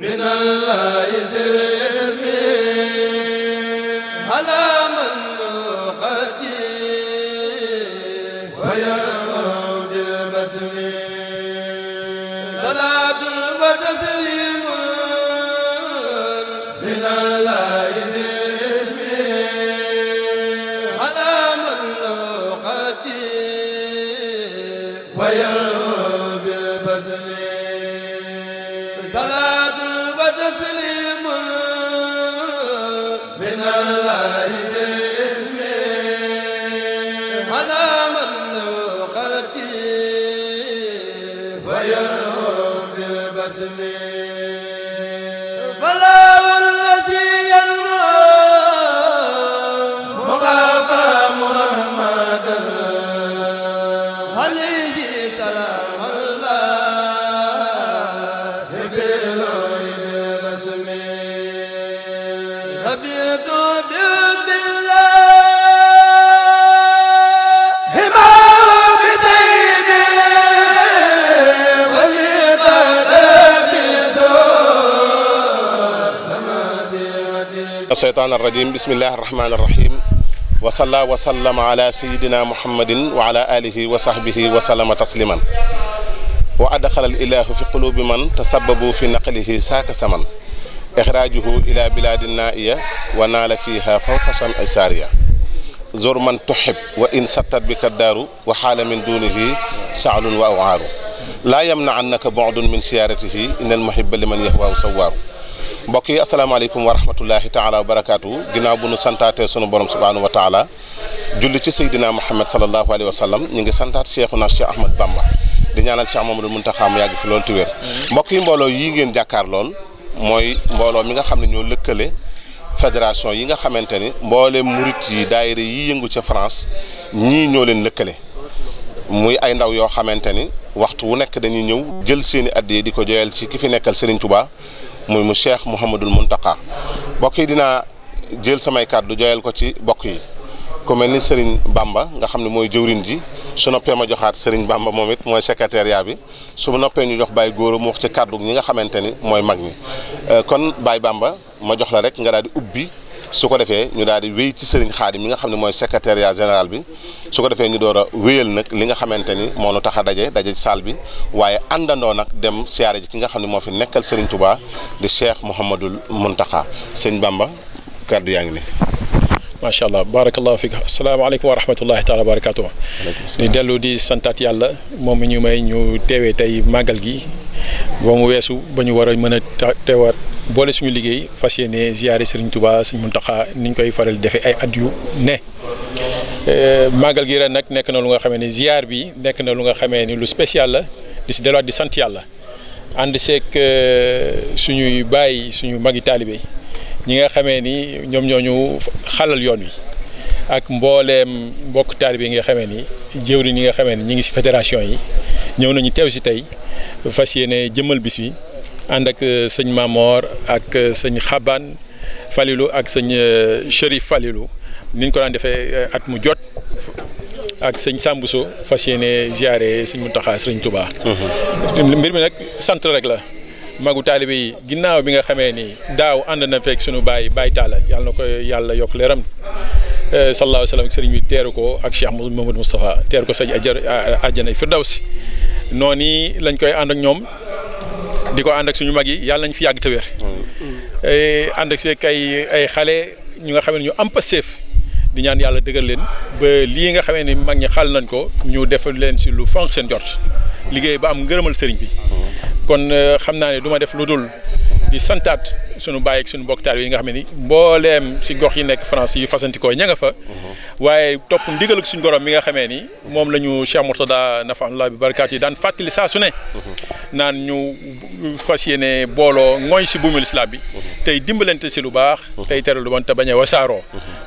min al la الشيطان الرجيم بسم الله الرحمن الرحيم وصلى وسلم على سيدنا محمد وعلى آله وصحبه وسلم تسليما وأدخل الإله في قلوب من تسببوا في نقله ساك سمن ixraajuhu ila bilaadin naaiya wa naala fiha fawqa sam'i saariya zor man tuhib wa in sattat bika daaru wa xaala min dunihi saalun wa awaaru laa yamna annaka bu'dun min siyaaratihi innal muhibba liman yahwaa sawaaru mbokk yi asalaamaaleykum wa rahmatullahi taala wa barakaatu ginnaaw bu nu santaatee sunu borom subhaanahu wa taala julli ci seydina muhammad sallallahu alayhi wa sallam ñu ngi santaat cheikhuna cheikh ahmad bamba di ñaanal cheikh mamadou muntaxa mu yàgg fi loolu ti wér mbokk mm-hmm. yi mbooloo yii ngeen mooy mbooloo mi nga xam ne ñoo lëkkale fédération yi nga xamante ni mboole murit yi daayira yi yëngu ca France ñii ñoo leen lëkkale muy ay ndaw yoo xamante ni waxtu wu nekk dañuy ñëw jël seeni addiya di ko joyal ci ki fi nekkal Serigne Touba muy mu Cheikh Mouhamadul Mountakha mbokk yi dinaa jël samay kàddu joyal ko ci bokk yi ku mel ni Serigne Bamba nga xam ne mooy jëwrin ji su noppee ma joxaat Serigne Bamba moom it mooy secrétariat bi su ma noppee ñu jox Baye Gora mu wax ci kàddu ñi nga xamante ni mooy mag ñi euh, kon Baye Bamba ma jox la rek nga daal di ubbi su ko defee ñu daal di wéy ci Serigne Khadim mi nga xam ne mooy secrétariat général bi su ko defee ñu door a wéyal nag li nga xamante ni moo nu tax a daje daje saal bi waaye àndandoo nag dem siyaare ji ki nga xam ne moo fi nekkal Serigne Touba di Cheikh Mouhamadul Mountakha sëñ Bamba kàddu yaa ngi ne macha allah barakallahu fiik asalaamaaleykum wa rahmatullahi taala wa barakatuh di dellu di santaat yàlla moom ñu may ñu teewee tey màggal gi ba weesu ba ñu war a mën a teewaat boole suñu liggéey fas yéene ziyaare Serigne tubaa Serigne Mountakha ni ñu koy faral defee ay at yu ne eh, màggal gi rek nag nekk na lu nga xamee ne ziyaar bi nekk na lu nga xamee ni lu spécial la di si delluwaat di sant yàlla ànd seeg eh, suñuy bàyyi suñu magi taalibe ñi nga xamee ni ñoom ñoo ñu xalal yoon wi ak mbooleem mbokk taalibe yi nga xamee ni jëwri ñi nga xamee ni ñi ngi si fédération yi ñëw nañu teew si tey fas yéene jëmmal bis bi ànd ak euh, sëñ Mamor ak euh, sëñ Xaban Falilou ak sëñ euh, Chérif Falilou ni ñu ko daan defee at mu jot ak sëñ Sambuso fas yéene ziare sëñ Muntaxa sëñ Touba. Mm-hmm. mbir mi nag sant rek la. magu taalibe yi ginnaaw bi nga xamee ni daaw ànd na fekk sunu baay baay taala yàlla na ko yàlla yokk leeram eh, sallallahu alayhi wa sallam sëriñ bi teeru ko ak Cheikh Mouhamadou Moustapha teeru ko sëñ ajar àjjanay eh, Firdawsi noonu lañ koy ànd ak ñoom di ko ànd ak suñu mag yi yàlla nañ fi yàgg te wér eh, ànd ak seeg ay ay xale ñu nga xam ne ñu am passeef di ñaan yàlla dëgër leen ba lii nga xamee ni mag ñi xal nañ ko ñu defal leen si lu fonk seen jort liggéey ba am ngërëmal sëriñ bi kon euh, xam naa ne duma def lu dul santaat sunu bàyyi ak sunu mbokk taal yi nga xam ne ni mbooleem si gox yi nekk France yi fasantikoo ña nga fa waaye topp ndigal suñu borom mi nga xamee ni moom la ñu Cheikh Mourtada nafaanullah bi barakaat yi daan fàttali saa su ne naan ñu fas yéene mbooloo ngooy si buumul lislaa bi tey dimbalante si lu baax tey tere lu bon te bañ a wasaaroo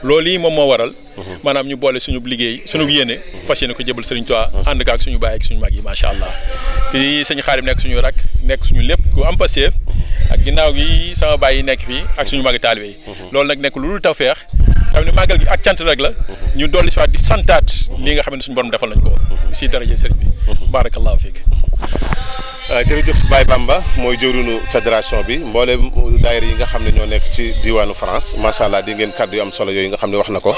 loolu yi moom moo waral mhm. maanaam ñu boole suñu liggéey suñu yéene mhm. fas yéene ko jëbal sëriñ Tuubaa ànd ak suñu baay ak suñu mag yi macha allah te sëñ Xaadim nekk suñu rak nekk suñu lépp ku am passeef ak ginnaaw gi sama baay yi nekk fii ak suñu magi taalibe yi mhm. loolu nag nekk lu dul tawfeex xam ne màggal gi ak cant rek la ñu dolli si waat di santaat li nga xam ne suñu borom defal nañ ko si daraje sëriñ bi barakallahu fiik Euh, jërëjëf Baye Bamba mooy jëwriñu fédération bi mboolem daayira yi nga xam ne ñoo nekk ci diwaanu France macha allah di ngeen kàddu yu am solo yooyu nga xam ne wax na ko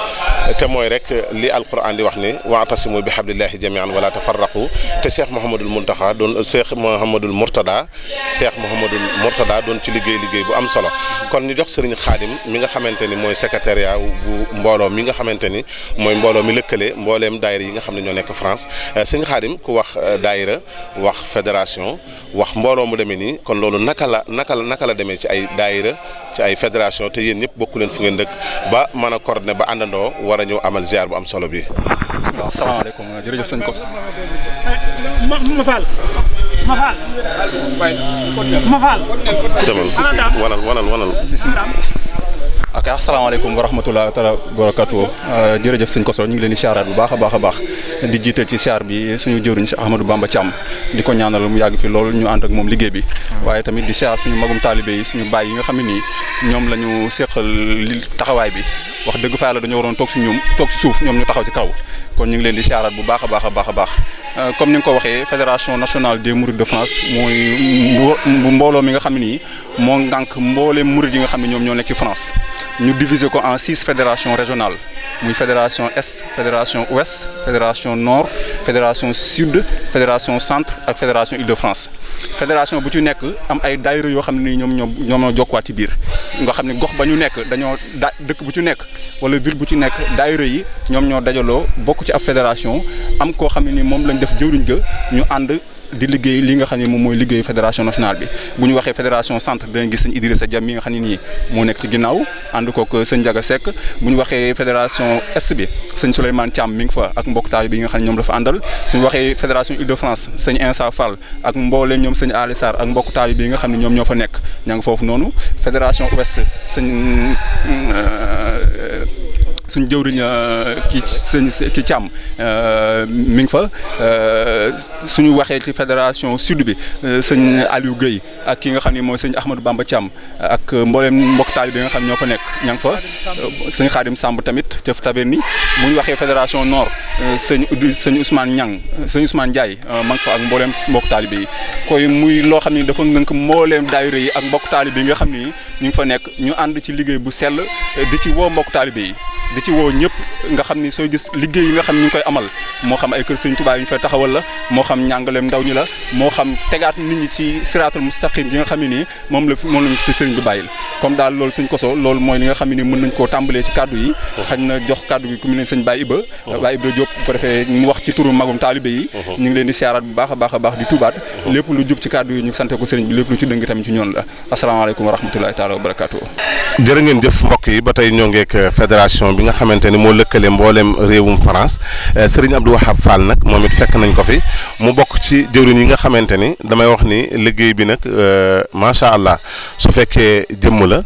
te mooy rek li alquran di wax ni waatasimu bi hablillahi jamian wala tafarraqu te Cheikh Mouhamadul Mountakha doon Cheikh Mouhamadul Mourtada Cheikh Mouhamadul Mourtada doon ci liggéey liggéey bu am solo kon ñu jox Serigne Khadim mi nga xamante ni mooy secrétariat bu mbooloo mi nga xamante ni mooy mbooloo mi lëkkale mbooleem daayira yi nga xam ne ñoo nekk France euh, Serigne Khadim ku wax euh, daayira wax fédération wax mbooloo mu demee nii kon loolu naka la naka la naka la demee ci ay daayira ci ay fédération te yéen ñëpp bokkuleen fu ngeen dëkk ba mën a coordonné ba àndandoo war a ñëw amal ziar bu am solo bi. waaw salaamaaleykum jërëjëf sëñ Koso. ma faal ma faal. demal wanal wanal wanal. ak asalaamaaleykum wa rahmatulah taala barakatu euh, jërëjëf ko Koso ñu ngi leen di siyaaraat bu baax a baax a baax di jiital ci siyaar bi suñu jëruñ si Ahmadou Bamba Thiam di ko ñaanal mu yàgg fi lool ñu ànd ak moom liggéey bi waaye tamit di siyaar suñu magum taalibe yi suñu baay yi nga xam ne nii ñoom la ñu séqal li taxawaay bi wax dëgg fa yàlla dañoo waroon toog si ñoom toog si suuf ñoom ñu taxaw ci kaw kon ñu ngi leen di siyaaraat bu baax a baax a baax a baax Euh, comme ni nga ko waxee fédération nationale des mourides de France mooy mbooloo mi nga xam ne nii moo ngànk mbooleem mouride yi nga xam ne ñoom ñoo nekk ci France ñu diviser ko en six fédérations régionales muy fédération est fédération ouest fédération noor fédération sud fédération centre ak fédération Île-de-France fédération bu ci nekk am ay dayre yoo xam ne nii ñoom ñoom ñoom ñoo jokkuwaat ci biir nga xam ne gox ba ñu nekk dañoo da dëkk bu ci nekk wala ville bu ci nekk daayira yi ñoom ñoo dajaloo bokk ci ab fédération am koo xam ne nii moom lañ def jëwriñ ga ñu ànd di liggéey li nga xam ne moom mooy liggéey fédération nationale bi bu ñu waxee fédération centre danga gis sëñ Idrissa Dia mi nga xam ne nii moo nekk ci ginnaaw ànd kook sëñ Ndiaga Seck bu ñu waxee fédération est bi sëñ Souleymane Thiam mi ngi fa ak mbokktaay bi nga xam ne ñoom la fa suñu waxee fédération Île-de-France sëñ Insa Fall ak mbooleem ñoom sëñ Ali Sarr nga xam ne ñoom ñoo fa nekk ña nga foofu noonu fédération s sëñ euh, suñ jëwriñ euh, ki sëñ ki Thiam euh, mi ngi fa euh, suñu waxee ci fédération sud bi sëñ Aliou Guèye ak ki nga xam ni mooy sëñ Ahmadou Bamba Thiam ak mbooleem mbokk taalibe nga xam ñoo fa nekk ña ngi fa sëñ Khadim Samb tamit ca Taverny bu ñu waxee fédération nord sëñ sëñ Ousmane Niang sëñ Ousmane Ndiaye ma ngi fa mbooleem mbokk taalibe yi muy loo xam ne dafa ngënk mbooleem daayira yi ak mbokk taalibe nga xam ne ñu ngi fa nekk ñu ànd ci liggéey bu sell di ci woo mbokk taalibe yi di ci woo ñëpp nga xam ni sooy gis liggéey yi nga xam ñu ngi koy amal moo xam ay kër sëñ Tuubaa yi ñu fay taxawal la moo xam njàngaleem ndaw ñi la moo xam tegaat nit ñi ci siraatul mustaqim bi nga xam ne nii moom la moom lañu si sëriñ bi bàyyil comme daal lool loolu ko soo loolu mooy ni nga xam ne nii mën nañ koo tàmbalee ci kàddu yi xañ na jox kàddu gi ku mu ne sëñ Baye Iba Baye Iba Diop bu ko defee mu wax ci turu magum taalibe yi ñu ngi leen di siyaaraat bu baax a baax a baax di tuubaat lépp lu jub ci ko sëriñ bi lépp lu ci dëng tamit ci ñoon la asalaamaaleykum wa rahmatullahi taala wa yi ba tey ñoo ngeek fédération bi nga xamante ni moo lëkkale mboolem réewum France eh, Serigne Abdou Wahab Fall nag moom it fekk nañ ko fi mu bokk ci jëwriñ yi nga xamante ni damay wax ni liggéey bi nag eh, macha allah su fekkee jëmm la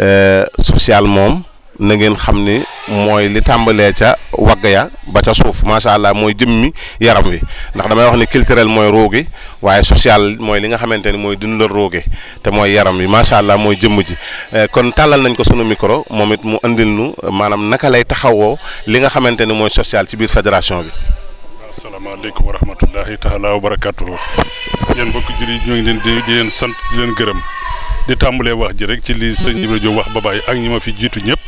eh, social moom. na ngeen xam ni mooy li tàmbalee ca wagg ya ba ca suuf macha allah mooy jëmmi yaram wi ndax damay wax ni culturel mooy ruugi waaye social mooy li nga xamante ni mooy dundal ruugi te mooy yaram wi macha allah mooy jëmm ji eh, kon tàllal nañ ko sunu micro moom it mu andil nu maanaam naka lay taxawoo li nga xamante ni mooy social ci biir fédération bi. asalaamaaleykum wa rahmatullahi taala wa barakatuhu yéen mbokk jur yi ñoo ngi leen di di leen sant di gërëm di tàmbalee wax ji rek ci li sëñ wax ba bàyyi ak ñi ma fi jiitu ñëpp.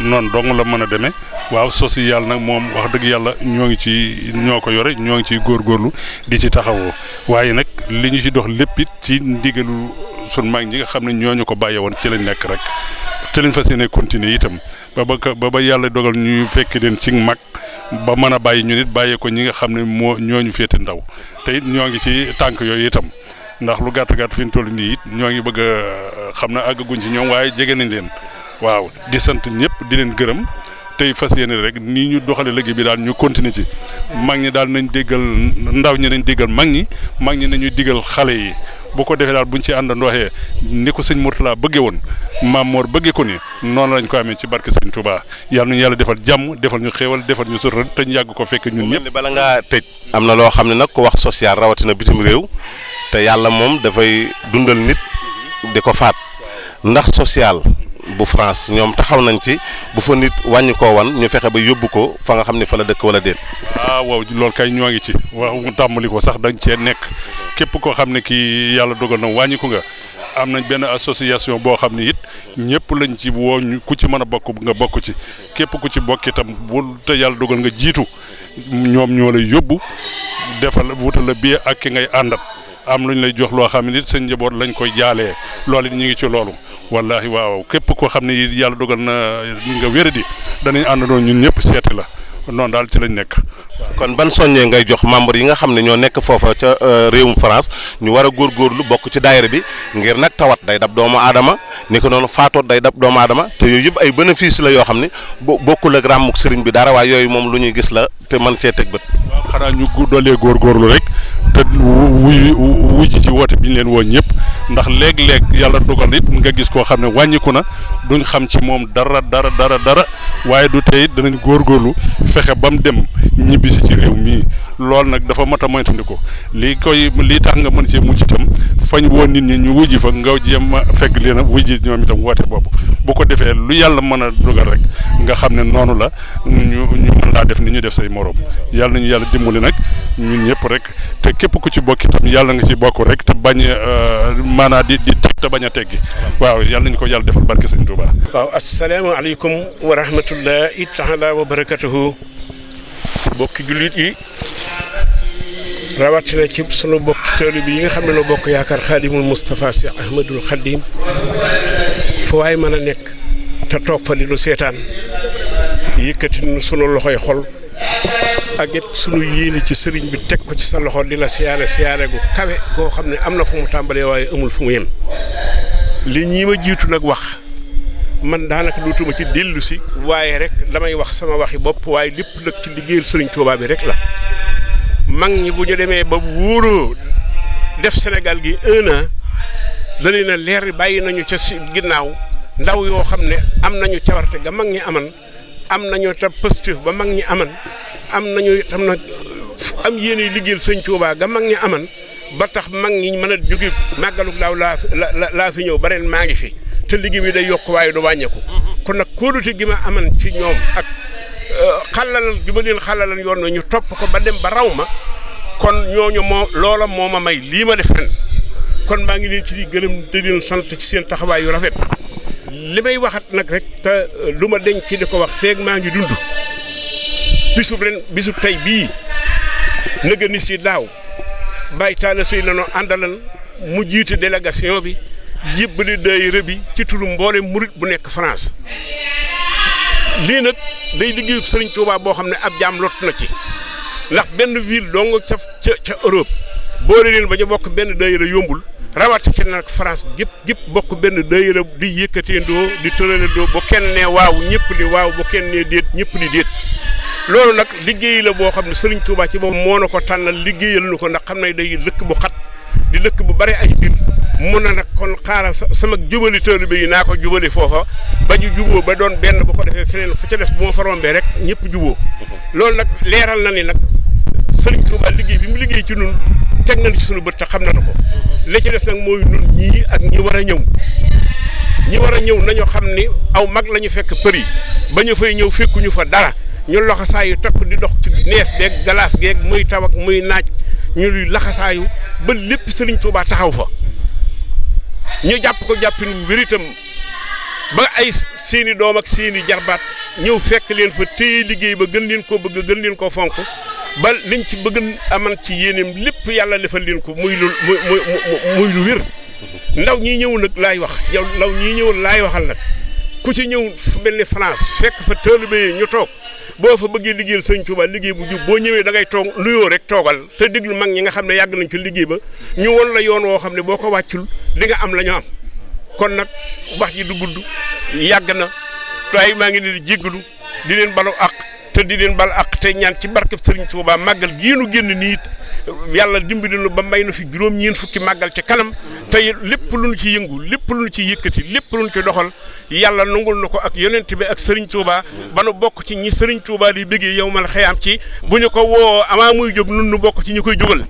noonu dong la mën a deme waaw social nag moom wax dëgg yàlla ñoo ngi ci ñoo ko yore ñoo ngi ciy góorlu di ci taxawoo waaye nag li ñu ci dox lépp it ci ndigalu sun mag ñi nga xam ne ñoo ñu ko bàyyee woon ci lañ nekk rek te lañ fas yéene continuer itam ba ba ba yàlla dogal ñu fekk leen ci mag ba mën a bàyyi ñu nit bàyyee ko ñi nga xam ne moo ñoo ñu féete ndaw tey ñoo ngi ci tànk yooyu itam. ndax lu gàtt gàtt fi ñu toll nii it ñoo ngi bëgg a xam na àggaguñ ci ñoom waaye jege nañ leen waaw di sant ñëpp di leen gërëm tey fas yéene rek nii ñu doxale léegi bi daal ñu continuer ci mag ñi daal nañ déggal ndaw ñi nañ déggal mag ñi mag ñi nañuy diggal xale yi bu ko defee daal bu buñ ci àndandooxee ni ko sëñ Mourtala bëggee woon maam Mor bëggee ko ni noonu lañ ko amee ci barke sëñ Touba yàlla nañu yàlla defal jàmm defal ñu xéewal defal ñu sutura te ñu yàgg ko fekk ñun ñëpp. bala ngaa tëj am na loo xam ne nag ko wax social rawatina bitim réew te yàlla moom dafay dundal nit di ko faat ndax social. bu France ñoom taxaw nañ ci bu fa nit wàññi koo wan ñu fexe ba yóbbu ko fa nga xam ne fa la dëkk wala déet. waaw ah, waaw loolu kay ñoo ngi ci waaw mu tàmbali ko sax dañ cee nekk képp koo xam ne kii yàlla dogal na wàññi nga. am na benn association boo xam ni it ñëpp lañ ci woo ku ci mën a bokk nga bokk ci képp ku ci bokk itam bu te yàlla dogal nga jiitu ñoom ñoo lay yóbbu defal wutal la bi ak ki ngay àndat. am lu ñu lay jox loo xam ne it seen njaboot lañ koy jaalee loolu it ñu ngi ci loolu wallahi waaw képp koo xam ne yàlla dogal na nga wéradi danañ àndandoo ñun ñëpp seeti la noonu daal ci lañ nekk. kon ban soññee ngay jox membre yi nga xam ne ñoo nekk foofa ca euh, réewum France ñu war a góorgóorlu bokk ci daayira bi ngir nag tawat day dab doomu aadama ni ko noonu faatoot day dab doomu aadama te yooyu yëpp ay bénéfice la yoo xam ne bokkul ak ràmmuk sëriñ bi dara waaye yooyu moom lu ñuy gis la te mën cee teg bët. xanaa ñu dollee góor rek te wuy wuy ci woote bi ñu leen woo ñëpp ndax léeg-léeg yàlla dogal it nga gis koo xam ne wàññiku na duñ xam ci moom dara dara dara dara waaye du tey danañ góorgóorlu fexe ba mu dem ñibbisi ci réew mii loolu nag dafa mat a moytandiku lii koy lii tax nga mën see mucc itam fañ woon nit ñi ñu wujji fa nga jéem a fekk leen a wujji ñoom itam woote boobu bu ko defee lu yàlla mën a dogal rek nga xam ne noonu la ñu ñu mën laa def ni ñu def say moroom yàlla nañu yàlla dimbali nag ñun ñëpp rek te képp ku ci bokk itam yàlla ci bokk maanaam di di te bañ a teggi waaw yàlla nañ ko yàlla defal barke sëñ Touba. waaw asalaamaaleykum wa rahmatullahi taala wa barakatuhu bokki jullit yi rawatina ci sunu bokki bi yi nga xam ne la bokk yaakaar xaadimul Moustapha si Ahmadul Xadim fu waay mën a nekk te toog fa di lu seetaan yëkkati sunu loxoy xol. ak it sunu yéene ci sëriñ bi teg ko ci sa loxo di la siyaare siyaare gu kawe goo xam ne am na fu mu tàmbalee waaye amul fu mu yem li ñii ma jiitu nag wax man daanaka dootuma ci dellu si waaye rek damay wax sama waxi bopp waaye lépp nag ci liggéeyal sëriñ Tuubaa bi rek la mag ñi bu ñu demee ba wóoroo def Sénégal gi un an dalee na leer bàyyi nañu ca si ginnaaw ndaw yoo xam ne am nañu cawarte ga mag ñi aman am nañoo tam positif ba mag ñi aman am nañu tam na am yéene liggéeyal sëñ Tuubaa ga mag ñi aman ba tax mag ñi mën a jóge màggalug daaw laa la laa fi ñëw ba ren maa ngi fi te liggéey bi day yokk waaye du wàññeeku kon nag kóolute gi ma aman ci ñoom ak euh, xalalal gi ma leen xalalal yoon na ñu topp ko ba dem ba raw ma kon ñooñu moo loola moo ma may lii ma def ren kon maa ngi leen ci di gërëm di leen sant ci seen taxawaay yu rafet li may waxat nag rek te euh, lu ma denc ci di ko wax seeg maa ngi dund bisu ren bisu tey bii nëgë si daaw bàyyi taala sëy àndalal mu jiite délégation bi yëbbali daayira bi ci turu mboole murit bu nekk France lii nag day liggéeyu Sëriñ Tuubaa boo xam ne ab jaam lott na ci ndax benn ville dong ca ca ca Europe boole leen ba ñu bokk benn daayira yombul ci nag France gépp gépp bokk benn daayira di yëkkatee ndoo di tërale ndoo ba kenn ne waaw ñëpp ni waaw ba kenn ne déet ñëpp di déet loolu nag liggéey la boo xam ne Serigne Touba ci boobu moo na ko tànnal liggéeyal nu ko ndax xam ne day lëkk bu xat di lëkk bu bari ay mbir mun na nag kon xaaral sama jubali taalibe yi naa ko jubali foofa ba ñu juboo ba doon benn bu ko defee feneen fu ca des bu ma fa rombee rek ñëpp juboo mm-hmm. loolu nag leeral na ni nag Serigne Touba liggéey bi mu liggéey ci nun teg na ci suñu bët te xam na ko li des nag mooy nun ñii ak ñi war a ñëw ñi war a ñëw nañu xam ni aw mag lañu fekk për ba ñu fay ñëw fekkuñu fa dara ñu laxasaayu takk di dox ci nees beeg galaas geeg muy taw muy naaj ñu laxasaayu ba lépp Sëriñ Tuubaa taxaw fa ñu jàpp ko jàppin wér itam ba ay seeni doom ak seeni jarbaat ñëw fekk leen fa téye liggéey ba gën leen koo bëgg gën leen koo fonk ba liñ ci bëgg aman ci yéeneem lépp yàlla defal leen ko muy lu muy muy ndaw ñi ñëwul nag laay wax yow ndaw ñi ñëw laay waxal nag ku ci ñëw fu mel ni France fekk fa taalibe yi ñu toog boo fa bëggee liggéey sëñ Tuubaa liggéey bu jub boo ñëwee dangay toog nuyoo rek toogal te déglu mag ñi nga xam ne yàgg nañ ci liggéey ba ñu won la yoon woo xam ne boo ko wàccul di nga am la am kon nag wax ji du gudd yàgg na te ay maa ngi leen di jéggalu di leen balu àq te di leen bal ak tey ñaan ci barkeb Serigne Touba màggal gii nu génn niit yàlla dimbali nu ba may nu fi juróom-ñeent fukki màggal ca kanam tey lépp lu nu ci yëngu lépp lu nu ci yëkkati lépp lu nu ci doxal. yàlla nangul na ko ak yonent bi ak sëriñ Touba ba nu bokk ci ñi sëriñ Touba di bëggee yow mal xëyaam ci bu ñu ko woo amaa muy jóg nun nu bokk ci ñu koy jógal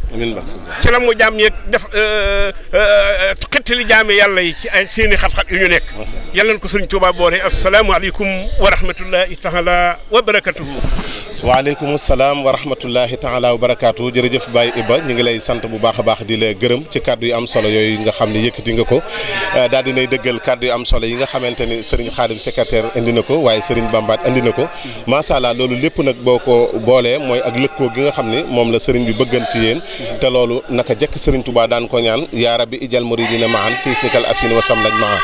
ci la mu jaam yeeg def euh, euh, xettali jaame yàlla yi ci ay xat-xat ñu nekk yàlla na ko Serigne Touba boole asalaamaaleykum wa rahmatullahi taala wa barakatuhu waaleykum salaam wa rahmatullahi taala wa barakaatu jërëjëf Baye Iba ñu ngi lay sant bu baax baax di la gërëm ci kàddu yu am solo yooyu nga xam ne yëkkati nga ko euh, daal dinay dëggal kàddu am solo yi nga xamante ne sëriñ xaadim secrétaire indi na ko waaye sëriñ bambaat indi na ko macha allah loolu lépp nag boo ko boolee mooy ak lëkkoo gi nga xam ne moom la sëriñ bi bëggan ci yéen te loolu naka jekk sëriñ Touba daan ko ñaan yaa rabbi ijal muridina maan fiis nikal asin wa sam lañ maa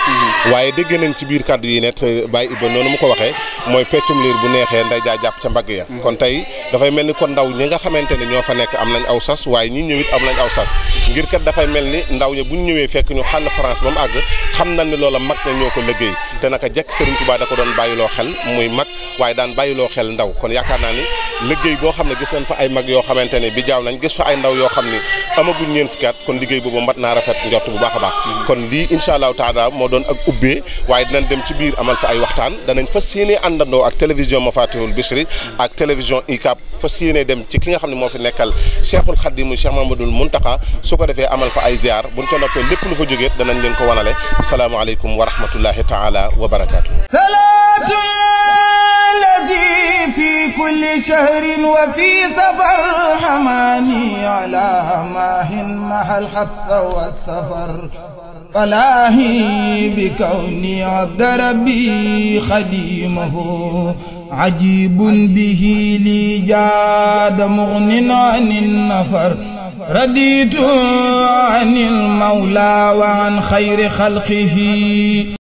waaye dégg nañ ci biir kàddu yi net bàyyi ibba noonu mu ko waxee mooy peccum bu neexee nday jaa jàpp ca mbagg ya mm. kon tey dafay mel ni kon ndaw ñi nga xamante ne ñoo fa nekk am nañ aw sas waaye ñi ñëwit am nañ aw sas ngir mel ndaw ña buñ ñëwee fekk ñu xàll France ba mu àgg xam nañ ne loola mag na ñoo ko te naka jekk Serigne Touba da ko doon bàyyiloo xel muy mag waaye daan bàyyiloo xel ndaw kon yaakaar naa ni liggéey boo xam ne gis nañ fa ay mag yoo xamante ne bi jaaw nañ gis fa ay ndaw yoo xam ne amaguñ ngeen fukki at kon liggéey boobu mat naa rafet njort bu baax a baax mm-hmm. kon lii incha allahu taala moo doon ak ubbee waaye dinañ dem ci biir amal fa ay waxtaan danañ fas yéenee àndandoo ak télévision Mafatihul Bichri mm-hmm. ak télévision ICAP fas yéenee dem ci ki nga xam ne moo fi nekkal Cheikhul Khadim muy Cheikh Mamadul Muntaqa su ko defee amal fa ay ziar buñ ca lépp lu fa jógee danañ leen ko wanale salaamaaleykum wa rahmatullahi taala taala wa barakaatu salaatu lazi fi kulli shahrin wa fi safar hamani ala mahin mahal habsa wa safar فلاهي بكوني عبد ربي خديمه عجيب به لي جاد مغن عن النفر رديت عن المولى وعن خير خلقه